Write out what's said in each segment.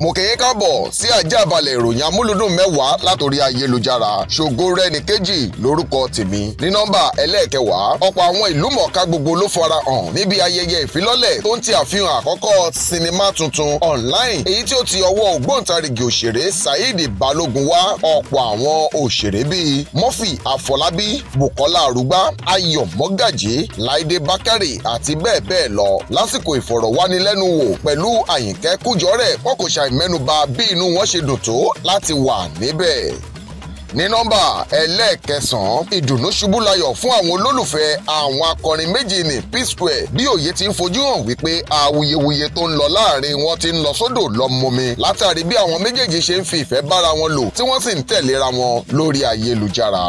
mo kì í káàbọ̀ sí àjàbalẹ̀ ìròyìn amúlùdùn mẹ́wàá látòrí ayélujára ṣògo rẹni kejì lórúkọ tèmi ní nọ́mbà ẹlẹ́ẹ̀kẹwàá ọ̀pọ̀ àwọn ìlú mọ̀ọ́ká gbogbo ló fara hàn níbi ayẹyẹ ìfilọ́lẹ̀ tó ń ti àfihàn àkọ́kọ́ sinimá tuntun online èyí tí ó ti ọwọ́ ògbóǹtarìgì òṣèré Saheed Balógun wá ọ̀pọ̀ àwọn òṣèré bíi Murphy Afọlábí Bukola Arugba Ayọ̀ Mọ́gàjí Láìdé Bákàrè àti bẹ́ẹ̀ bẹ́ẹ̀ lọ lásìkò ìfọ̀rọ̀wánilẹ́nuwò pẹ̀lú Àyìnkẹ́ Kújọ́rẹ̀ wọn kò ṣàì àìmẹ́nubà bí inú wọn ṣe dùn tó láti wà níbẹ̀ ní nọ́mbà ẹlẹ́ẹ̀kẹsàn-án ìdùnnú ṣubú layọ̀ fún àwọn olólùfẹ́ àwọn akọrin méjì ní p bí òye ti ń fojú hàn wípé awuyewuye tó ń lọ láàrin wọn ti ń lọ sódò lọ́mọmi látàrí bí àwọn méjèèjì ṣe ń fi ìfẹ́ bára wọn lò tí wọ́n sì ń tẹ̀léra wọn lórí ayélujára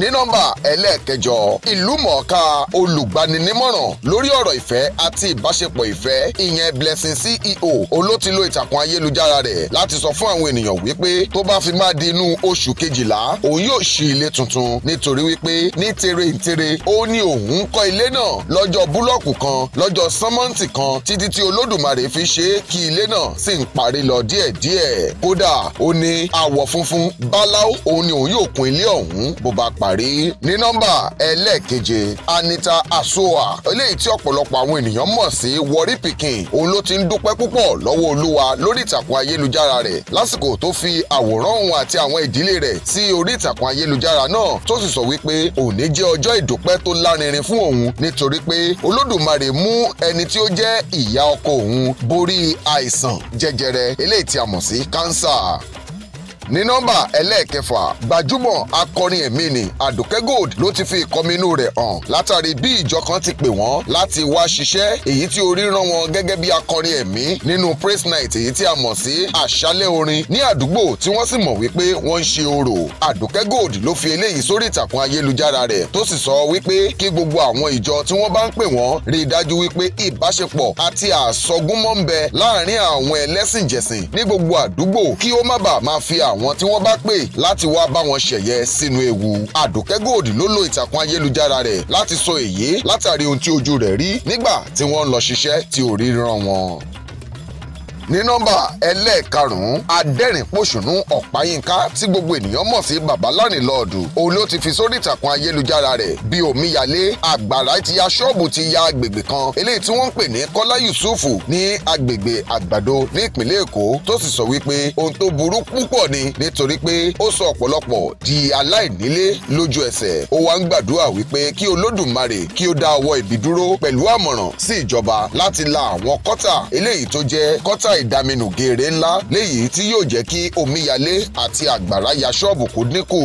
ní nọ́mbà ẹlẹ́ẹ̀kẹjọ ìlúmọ̀ọ́ká olùgbaninímọ̀ràn lórí ọ̀rọ̀ ìfẹ́ àti ìbáṣepọ̀ ìfẹ́ ìyẹn Blessing CEO olótìló ìtàkùn ayélujára rẹ̀ láti sọ fún àwọn ènìyàn wípé tó bá fi máa di inú oṣù kejìlá òun yóò ṣí ilé tuntun nítorí wípé ní tere ìtere ó ní òun kọ́ ilé náà lọ́jọ́ búlọ́ọ̀kù kan lọ́jọ́ sánmọ́ǹtì kan títí tí olódùmarè fi ṣe é kí ilé náà sì ń parí lọ díẹ̀díẹ̀ kódà ó ní àwọ̀ funfun báláú òun ni òun yóò kún ilé ọ̀hún bó bá p parí ní nọ́mbà ẹlẹ́ẹ̀keje Anita Asoa eléyìí tí ọ̀pọ̀lọpọ̀ àwọn ènìyàn mọ̀ sí Warri Pikin òun ló ti ń dúpẹ́ púpọ̀ lọ́wọ́ Olúwa lórí ìtàkùn ayélujára rẹ̀ lásìkò tó fi àwòrán òun àti àwọn ìdílé rẹ̀ sí orí ìtàkùn ayélujára náà tó sì sọ wípé òní jẹ́ ọjọ́ ìdúpẹ́ tó lárinrin fún òun nítorí pé Olódùmarè mú ẹni tí ó jẹ́ ìyá ọkọ òun borí àìsàn jẹjẹrẹ eléyìí tí a mọ̀ sí kánsà ní nọ́mbà ẹlẹ́ẹ̀kẹfà gbajúmọ̀ akọrin ẹ̀mí ni àdùkẹ́ gold ló ti fi ìkọminú rẹ̀ hàn látàrí bí ìjọ kan ti pè wọ́n láti wá ṣiṣẹ́ èyí tí orí rán wọn gẹ́gẹ́ bí akọrin ẹ̀mí nínú praise night èyí tí a mọ̀ sí àṣálẹ́ orin ní àdúgbò tí wọ́n sì mọ̀ wípé wọ́n ń ṣe orò àdùkẹ́ gold ló fi eléyìí sórí ìtàkùn ayélujára rẹ̀ tó sì sọ wípé kí gbogbo àwọn ìjọ tí wọ́n bá ń pè wọ́n rí i dájú wípé ìbáṣepọ̀ àti àsọgúnmọ́ ń bẹ láàárín àwọn ẹlẹ́sìnjẹ̀sìn ní gbogbo àdúgbò kí ó má bàa máa fi àwọn àwọn tí wọ́n bá pè láti wá bá wọn ṣẹ̀yẹ sínú ewu. Àdùkẹ́ Gold ló lo ìtàkùn ayélujára rẹ̀ láti sọ èyí látàrí ohun tí ojú rẹ̀ rí nígbà tí wọ́n ń lọ ṣiṣẹ́ tí ò rí rán wọn ní nọ́mbà ẹlẹ́ẹ̀karùn-ún adẹ́rìn-pòṣùnú ọ̀páyínká tí gbogbo ènìyàn mọ̀ sí babalánilọ́ọ̀dù òun ló ti fi sórí ìtàkùn ayélujára rẹ̀ bí omíyalé àgbàrá ti ya ṣọ́ọ̀bù ti ya agbègbè kan eléyìí tí wọ́n ń pè ní kọ́lá yusufu ní agbègbè àgbàdo ní ìpínlẹ̀ èkó tó sì sọ wípé ohun tó burú púpọ̀ ni nítorí pé ó sọ ọ̀pọ̀lọpọ̀ di aláìnílé lójú ẹsẹ̀ ó wá ń gbàdúrà wípé kí olódùmarè kí ó dá ọwọ́ ibi dúró pẹ̀lú àmọ̀ràn sí ìjọba láti la àwọn kọ́tà eléyìí tó jẹ́ kọ́tà ìdaminù geere ńlá léyìí tí yóò jẹ́ kí omíyalé àti àgbàrá ya ṣọ́ọ̀bù kó dínkù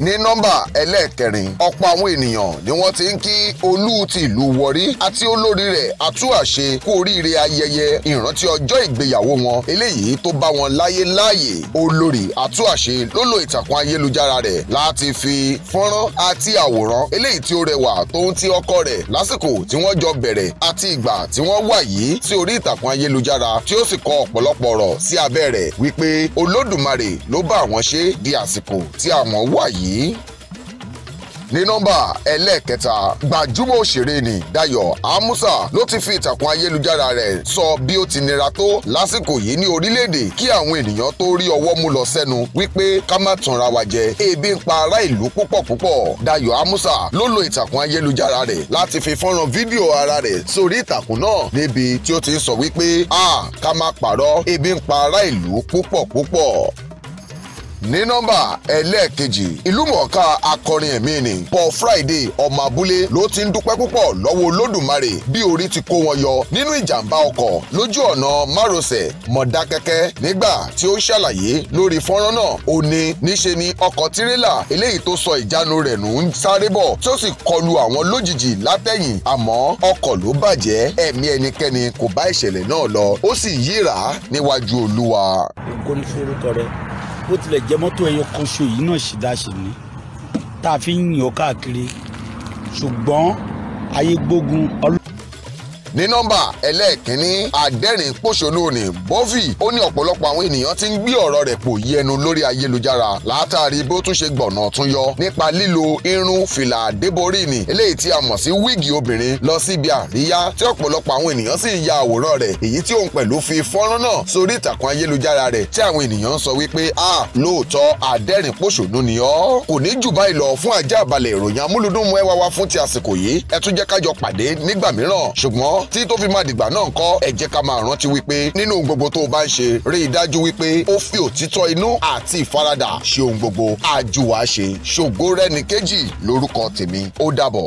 ní nọ́mbà ẹlẹ́ẹ̀kẹrin ọ̀pọ̀ àwọn ènìyàn ni wọ́n ti ń kí olú ti ìlú wọrí àti olórí rẹ̀ àtúàṣe kú oríire ayẹyẹ ìrántí ọjọ́ ìgbéyàwó wọn eléyìí tó bá wọn láyé láàyè olórí àtúàṣe ló lo ìtàkùn ayélujára rẹ̀ láti fi fọ́nrán àti àwòrán eléyìí tí ó rẹwà tóun ti ọkọ rẹ̀ lásìkò tí wọ́n jọ bẹ̀rẹ̀ àti ìgbà tí wọ́n wà yìí sí orí ìtàkùn ayélujára tí ó sì kọ ọ̀pọ̀lọpọ̀ ọ̀rọ̀ sí abẹ́ rẹ̀ wípé olódùmarè ló bá àwọn ṣe di àsìkò tí àwọn wà yìí yìí ní nọ́mbà ẹlẹ́ẹ̀kẹta gbajúmọ̀ òṣèré ni dayo Amusa ló ti fi ìtàkùn ayélujára rẹ̀ sọ bí ó ti nira tó lásìkò yìí ní orílẹ̀-èdè kí àwọn ènìyàn tó rí ọwọ́ mú lọ sẹ́nu wípé ká má tanra wa jẹ ebi ń pa ará ìlú púpọ̀ púpọ̀ Dayọ̀ Amusa ló lo ìtàkùn ayélujára rẹ̀ láti fi fọ́nrán fídíò ara rẹ̀ sórí ìtàkùn náà níbi tí ó ti ń sọ wípé a ká má parọ́ ebi ń pa ará ìlú púpọ̀ púpọ̀ ní nọ́mbà ẹlẹ́ẹ̀kejì ìlúmọ̀ọ́ká akọrin ẹ̀mí ni Paul Friday ọmọ abúlé ló ti ń dúpẹ́ púpọ̀ lọ́wọ́ olódùmarè bí orí ti kó wọn yọ nínú ìjàmbá ọkọ̀ lójú ọ̀nà márosẹ̀ mọ̀dákẹ́kẹ́ nígbà tí ó ṣàlàyé lórí fọ́nrán náà ó ní níṣe ni ọkọ̀ tirẹ́là eléyìí tó sọ ìjánu rẹ̀ nù ń sáré bọ̀ tí ó sì kọlu àwọn lójijì látẹ̀yìn àmọ́ ọkọ̀ ló bàjẹ́ ẹ̀mí bó tilẹ̀ jẹ́ mọ́tò ẹyọ kan ṣo yìí náà ṣì dáṣe ni tá a fi ń yàn káàkiri ṣùgbọ́n ayé gbógun ọlọ́ ní nọ́mbà ẹlẹ́ẹ̀kínní àdẹ́rìn pòṣónú ni bọ́fì ó ní ọ̀pọ̀lọpọ̀ àwọn ènìyàn ti ń gbé ọ̀rọ̀ rẹ̀ pò yí ẹnu lórí ayélujára látàrí bó tún ṣe gbọ̀nà tún yọ nípa lílo irun fìlà àdébórí ni eléyìí tí a mọ̀ sí wíìgì obìnrin lọ síbi àríyá tí ọ̀pọ̀lọpọ̀ àwọn ènìyàn sì ń ya àwòrán rẹ̀ èyí tí òun pẹ̀lú fi fọ́nrán náà sórí ìtàkùn ayélujára rẹ̀ tí àwọn ènìyàn sọ wípé a lóòótọ́ àdẹ́rìn pòṣónú ni ọ́ kò ní jù báyìí lọ fún àjàbalẹ̀ ìròyìn amúlùdùnmọ́ ẹwà wa fún ti àsìkò yìí ẹ tún jẹ́ ká jọ pàdé nígbà mìíràn ṣùgbọ́n tí tó fi máa dìgbà náà kọ́ ẹ jẹ́ ká máa rántí wípé nínú gbogbo tó o bá ń ṣe rí i dájú wípé ó fi òtítọ́ inú àti ìfaradà ṣe ohun gbogbo àjùwà ṣe ṣògo rẹ́ni kejì lórúkọ tèmi ó dàbọ̀.